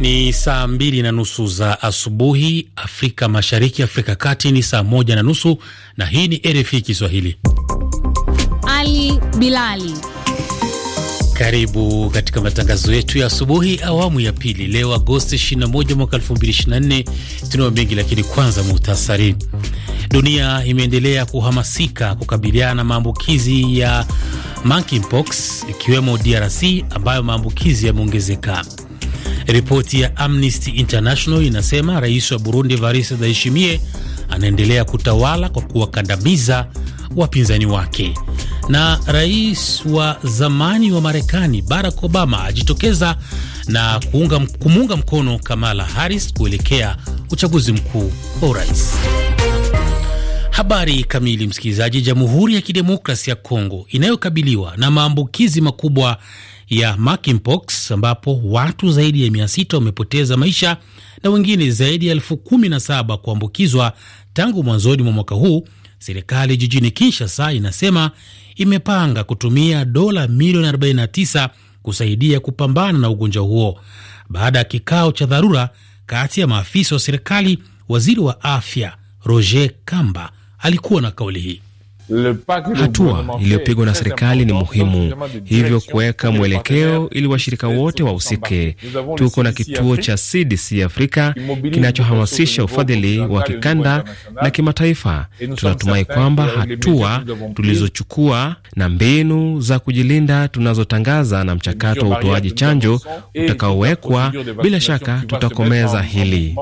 Ni saa mbili na nusu za asubuhi Afrika Mashariki, Afrika Kati ni saa moja na nusu na hii ni RFI Kiswahili. Ali Bilali, karibu katika matangazo yetu ya asubuhi, awamu ya pili, leo Agosti 21 mwaka 2024. Tunayo mengi, lakini kwanza muhtasari. Dunia imeendelea kuhamasika kukabiliana na maambukizi ya monkeypox, ikiwemo DRC ambayo maambukizi yameongezeka. Ripoti ya Amnesty International inasema rais wa Burundi Evariste Ndayishimiye anaendelea kutawala kwa kuwakandamiza wapinzani wake. Na rais wa zamani wa Marekani Barack Obama ajitokeza na kuunga, kumuunga mkono Kamala Harris kuelekea uchaguzi mkuu wa urais. Habari kamili, msikilizaji. Jamhuri ya Kidemokrasi ya Kongo inayokabiliwa na maambukizi makubwa ya monkeypox ambapo watu zaidi ya mia sita wamepoteza maisha na wengine zaidi ya elfu kumi na saba kuambukizwa tangu mwanzoni mwa mwaka huu. Serikali jijini Kinshasa inasema imepanga kutumia dola milioni 49 kusaidia kupambana na ugonjwa huo. Baada ya kikao cha dharura kati ya maafisa wa serikali, waziri wa afya Roger Kamba alikuwa na kauli hii. Hatua iliyopigwa na serikali ni muhimu, hivyo kuweka mwelekeo ili washirika wote wahusike. Tuko na kituo cha CDC Afrika kinachohamasisha ufadhili wa kikanda na kimataifa. Tunatumai kwamba hatua tulizochukua na mbinu za kujilinda tunazotangaza na mchakato wa utoaji chanjo utakaowekwa, bila shaka tutakomeza hili.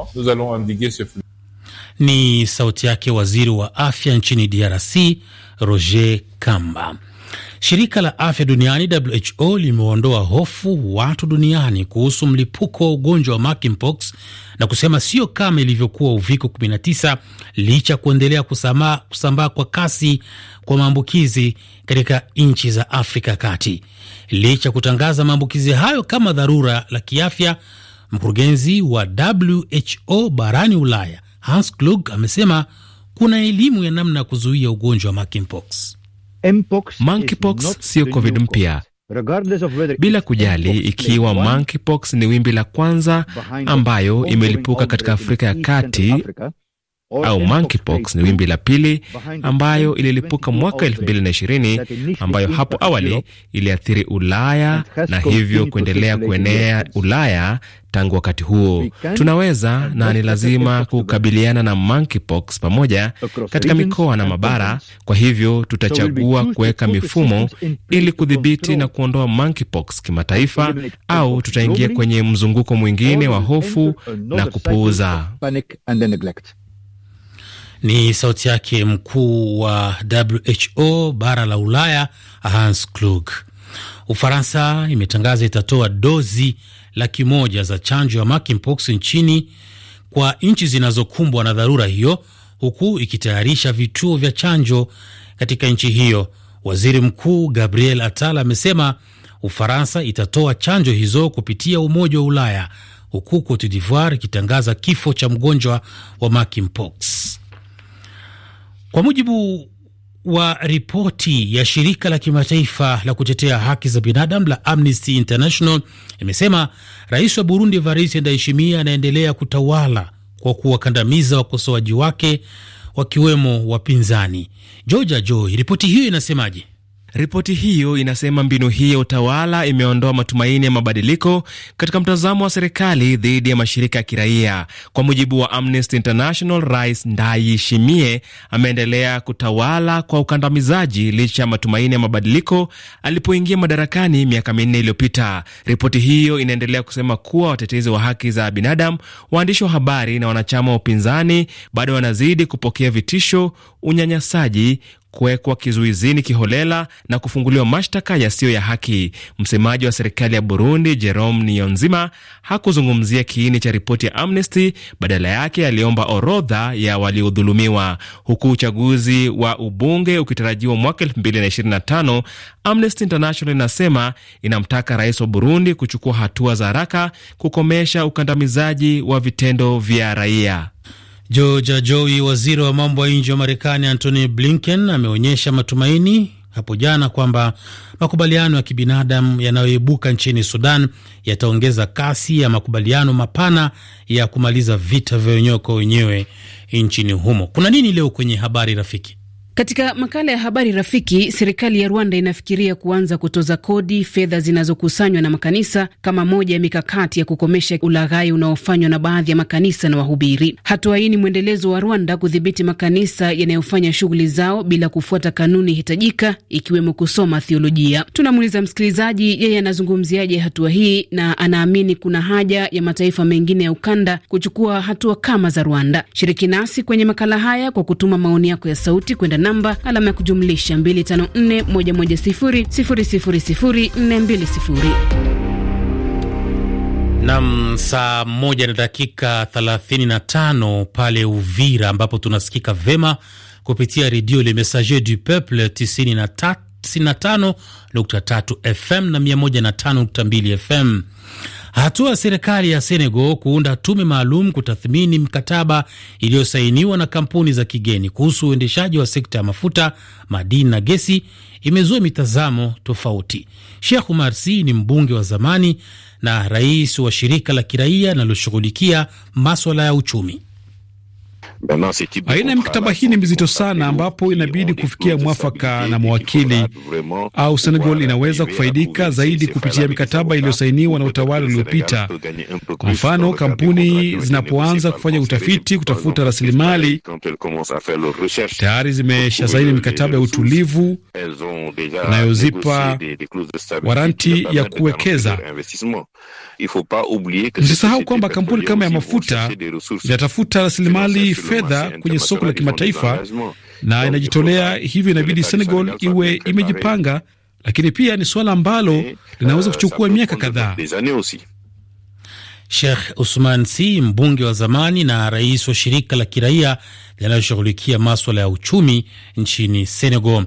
Ni sauti yake waziri wa afya nchini DRC Roger Kamba. Shirika la afya duniani WHO limeondoa hofu watu duniani kuhusu mlipuko wa ugonjwa wa monkeypox na kusema sio kama ilivyokuwa uviko 19 licha ya kuendelea kusambaa kwa kasi kwa maambukizi katika nchi za Afrika kati. Licha ya kutangaza maambukizi hayo kama dharura la kiafya, mkurugenzi wa WHO barani Ulaya Hans Klug amesema kuna elimu ya namna ya kuzuia ugonjwa wa monkeypox. Monkeypox siyo covid mpya, bila kujali ikiwa monkeypox ni wimbi la kwanza ambayo imelipuka katika Afrika ya Kati au monkeypox ni wimbi la pili ambayo ililipuka mwaka 2020 ambayo hapo awali iliathiri Ulaya na hivyo kuendelea kuenea Ulaya tangu wakati huo. Tunaweza na ni lazima kukabiliana na monkeypox pamoja katika mikoa na mabara. Kwa hivyo tutachagua kuweka mifumo ili kudhibiti na kuondoa monkeypox kimataifa, au tutaingia kwenye mzunguko mwingine wa hofu na kupuuza. Ni sauti yake mkuu wa WHO bara la Ulaya, Hans Kluge. Ufaransa imetangaza itatoa dozi laki moja za chanjo ya monkeypox nchini kwa nchi zinazokumbwa na dharura hiyo, huku ikitayarisha vituo vya chanjo katika nchi hiyo. Waziri Mkuu Gabriel Attal amesema Ufaransa itatoa chanjo hizo kupitia Umoja wa Ulaya, huku Cote d'Ivoire ikitangaza kifo cha mgonjwa wa monkeypox. Kwa mujibu wa ripoti ya shirika la kimataifa la kutetea haki za binadamu la Amnesty International imesema rais wa Burundi Evariste Ndayishimiye anaendelea kutawala kwa kuwakandamiza wakosoaji wake wakiwemo wapinzani. Georgia Joy, ripoti hiyo inasemaje? Ripoti hiyo inasema mbinu hii ya utawala imeondoa matumaini ya mabadiliko katika mtazamo wa serikali dhidi ya mashirika ya kiraia. Kwa mujibu wa Amnesty International, Rais Ndayishimiye ameendelea kutawala kwa ukandamizaji licha ya matumaini ya mabadiliko alipoingia madarakani miaka minne iliyopita. Ripoti hiyo inaendelea kusema kuwa watetezi wa haki za binadamu, waandishi wa habari na wanachama wa upinzani bado wanazidi kupokea vitisho, unyanyasaji kuwekwa kizuizini kiholela na kufunguliwa mashtaka yasiyo ya haki. Msemaji wa serikali ya Burundi Jerome nionzima hakuzungumzia kiini cha ripoti ya Amnesty, badala yake aliomba orodha ya waliodhulumiwa. Huku uchaguzi wa ubunge ukitarajiwa mwaka 2025, Amnesty International inasema inamtaka rais wa Burundi kuchukua hatua za haraka kukomesha ukandamizaji wa vitendo vya raia. George Joey, waziri wa mambo ya nje wa Marekani Antony Blinken ameonyesha matumaini hapo jana kwamba makubaliano ya kibinadamu yanayoibuka nchini Sudan yataongeza kasi ya makubaliano mapana ya kumaliza vita vya wenyewe kwa wenyewe nchini humo. Kuna nini leo kwenye habari rafiki? Katika makala ya habari rafiki, serikali ya Rwanda inafikiria kuanza kutoza kodi fedha zinazokusanywa na makanisa kama moja ya mikakati ya kukomesha ulaghai unaofanywa na baadhi ya makanisa na wahubiri. Hatua hii ni mwendelezo wa Rwanda kudhibiti makanisa yanayofanya shughuli zao bila kufuata kanuni hitajika, ikiwemo kusoma thiolojia. Tunamuuliza msikilizaji, yeye anazungumziaje hatua hii na anaamini kuna haja ya mataifa mengine ya ukanda kuchukua hatua kama za Rwanda. Shiriki nasi kwenye makala haya kwa kutuma maoni yako ya sauti kwenda namba alama ya kujumlisha 254110000420. Nam, saa moja na dakika 35 pale Uvira, ambapo tunasikika vema kupitia redio Le Messager du Peuple 95.3 FM na 105.2 FM. Hatua ya serikali ya Senegal kuunda tume maalum kutathmini mkataba iliyosainiwa na kampuni za kigeni kuhusu uendeshaji wa sekta ya mafuta, madini na gesi imezua mitazamo tofauti. Sheikh Umar Sy ni mbunge wa zamani na rais wa shirika la kiraia linaloshughulikia maswala ya uchumi. Aina ya mikataba hii ni mizito sana, ambapo inabidi kufikia mwafaka na mawakili au Senegal inaweza kufaidika zaidi kupitia mikataba iliyosainiwa na utawala uliopita. Kwa mfano, kampuni zinapoanza kufanya utafiti, kutafuta rasilimali, tayari zimeshasaini mikataba ya utulivu inayozipa waranti ya kuwekeza. Msisahau kwamba kampuni kama ya mafuta inatafuta rasilimali fedha kwenye soko la kimataifa na inajitolea, hivyo inabidi Senegal iwe imejipanga, lakini pia ni suala ambalo uh, linaweza kuchukua miaka kadhaa. Sheikh Usman Si, mbunge wa zamani na rais wa shirika la kiraia linaloshughulikia maswala ya uchumi nchini Senegal.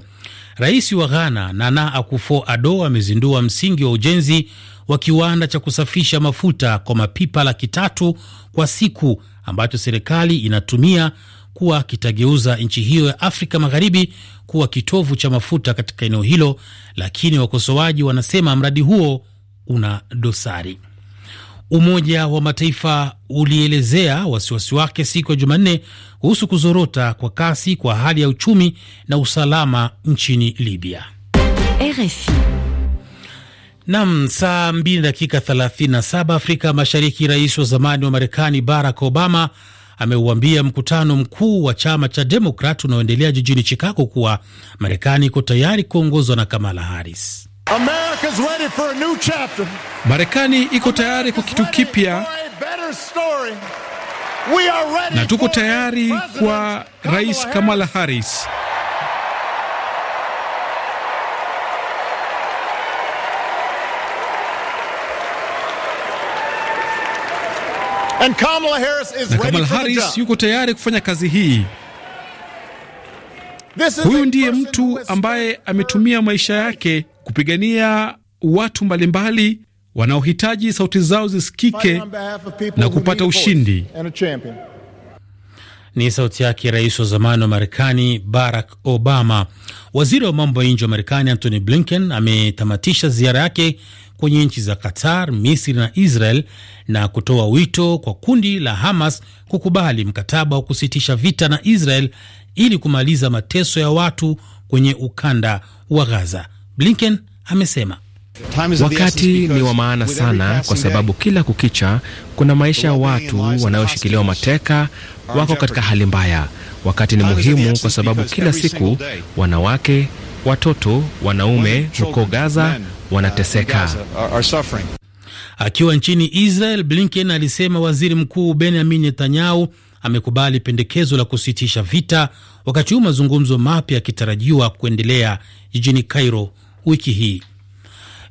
Rais wa Ghana Nana Akufo-Addo amezindua msingi wa ujenzi wa kiwanda cha kusafisha mafuta kwa mapipa laki tatu kwa siku ambacho serikali inatumia kuwa kitageuza nchi hiyo ya Afrika Magharibi kuwa kitovu cha mafuta katika eneo hilo, lakini wakosoaji wanasema mradi huo una dosari. Umoja wa Mataifa ulielezea wasiwasi wake siku ya Jumanne kuhusu kuzorota kwa kasi kwa hali ya uchumi na usalama nchini Libya. RFI. Nam, saa 2 dakika 37 Afrika Mashariki. Rais wa zamani wa Marekani Barack Obama ameuambia mkutano mkuu wa chama cha Demokrat unaoendelea jijini Chicago kuwa Marekani iko tayari kuongozwa na Kamala Harris. Marekani iko tayari kwa kitu kipya na tuko tayari kwa Rais Kamala Harris. And Kamala Harris is na Kamala Harris yuko tayari kufanya kazi hii. Huyu ndiye mtu ambaye ametumia maisha yake kupigania watu mbalimbali wanaohitaji sauti zao zisikike na kupata ushindi. Ni sauti yake rais wa zamani wa Marekani Barack Obama. Waziri wa mambo ya nje wa Marekani Antony Blinken ametamatisha ziara yake kwenye nchi za Qatar, Misri na Israel na kutoa wito kwa kundi la Hamas kukubali mkataba wa kusitisha vita na Israel ili kumaliza mateso ya watu kwenye ukanda wa Gaza. Blinken amesema Wakati ni wa maana sana kwa sababu kila kukicha kuna maisha ya watu wanayoshikiliwa mateka, wako katika hali mbaya. Wakati ni muhimu kwa sababu kila siku wanawake watoto, wanaume huko Gaza uh, wanateseka. Akiwa nchini Israel, Blinken alisema waziri mkuu Benjamin Netanyahu amekubali pendekezo la kusitisha vita, wakati huu mazungumzo mapya yakitarajiwa kuendelea jijini Cairo wiki hii.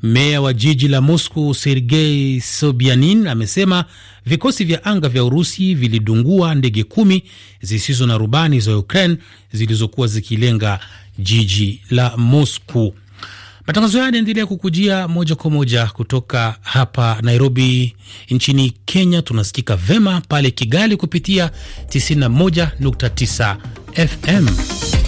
Meya wa jiji la Moscow Sergei Sobyanin amesema vikosi vya anga vya Urusi vilidungua ndege kumi zisizo na rubani za Ukraine zilizokuwa zikilenga jiji la Moscow. Matangazo haya yanaendelea kukujia moja kwa moja kutoka hapa Nairobi nchini Kenya. Tunasikika vema pale Kigali kupitia 91.9 FM.